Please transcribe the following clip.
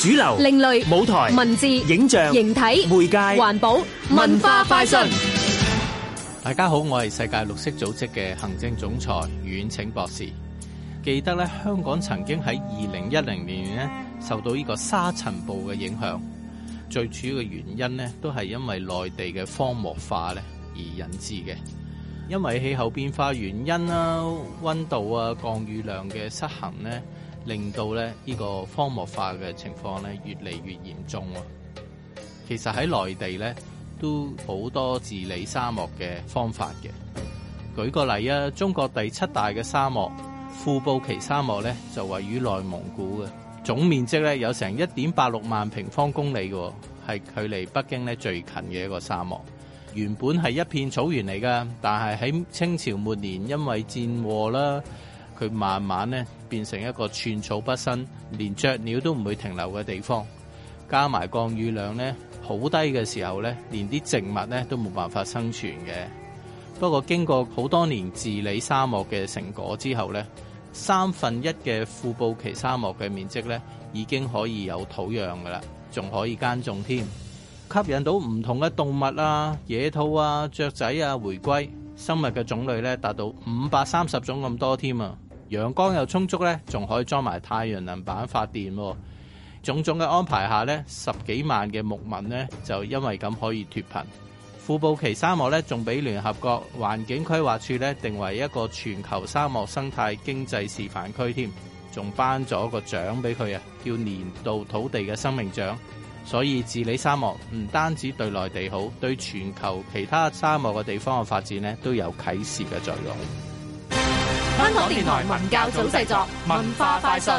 主流、另類舞台、文字、影像、形體、媒介、環保、文化快訊。大家好，我係世界綠色組織嘅行政總裁遠騁博士。記得呢，香港曾經喺二零一零年呢受到呢個沙塵暴嘅影響，最主要嘅原因呢都係因為內地嘅荒漠化呢而引致嘅，因為氣候變化原因啦、溫度啊、降雨量嘅失衡呢。令到咧呢個荒漠化嘅情況咧越嚟越嚴重。其實喺內地咧都好多治理沙漠嘅方法嘅。舉個例啊，中國第七大嘅沙漠庫布其沙漠咧就位於內蒙古嘅，總面積咧有成一點八六萬平方公里嘅，係距離北京咧最近嘅一個沙漠。原本係一片草原嚟㗎，但係喺清朝末年因為戰禍啦。佢慢慢咧變成一個寸草不生、連雀鳥都唔會停留嘅地方，加埋降雨量咧好低嘅時候咧，連啲植物咧都冇辦法生存嘅。不過經過好多年治理沙漠嘅成果之後咧，三分一嘅庫布其沙漠嘅面積咧已經可以有土壤㗎喇，仲可以耕種添，吸引到唔同嘅動物啊、野兔啊、雀仔啊回歸，生物嘅種類咧達到五百三十種咁多添啊！陽光又充足呢，仲可以裝埋太陽能板發電喎。種種嘅安排下呢，十幾萬嘅牧民呢，就因為咁可以脫貧。庫布其沙漠呢，仲俾聯合國環境規劃署呢定為一個全球沙漠生態經濟示範區添，仲頒咗個獎俾佢啊，叫年度土地嘅生命獎。所以治理沙漠唔單止對內地好，對全球其他沙漠嘅地方嘅發展呢，都有啟示嘅作用。香港電台文教組製作，文化快訊。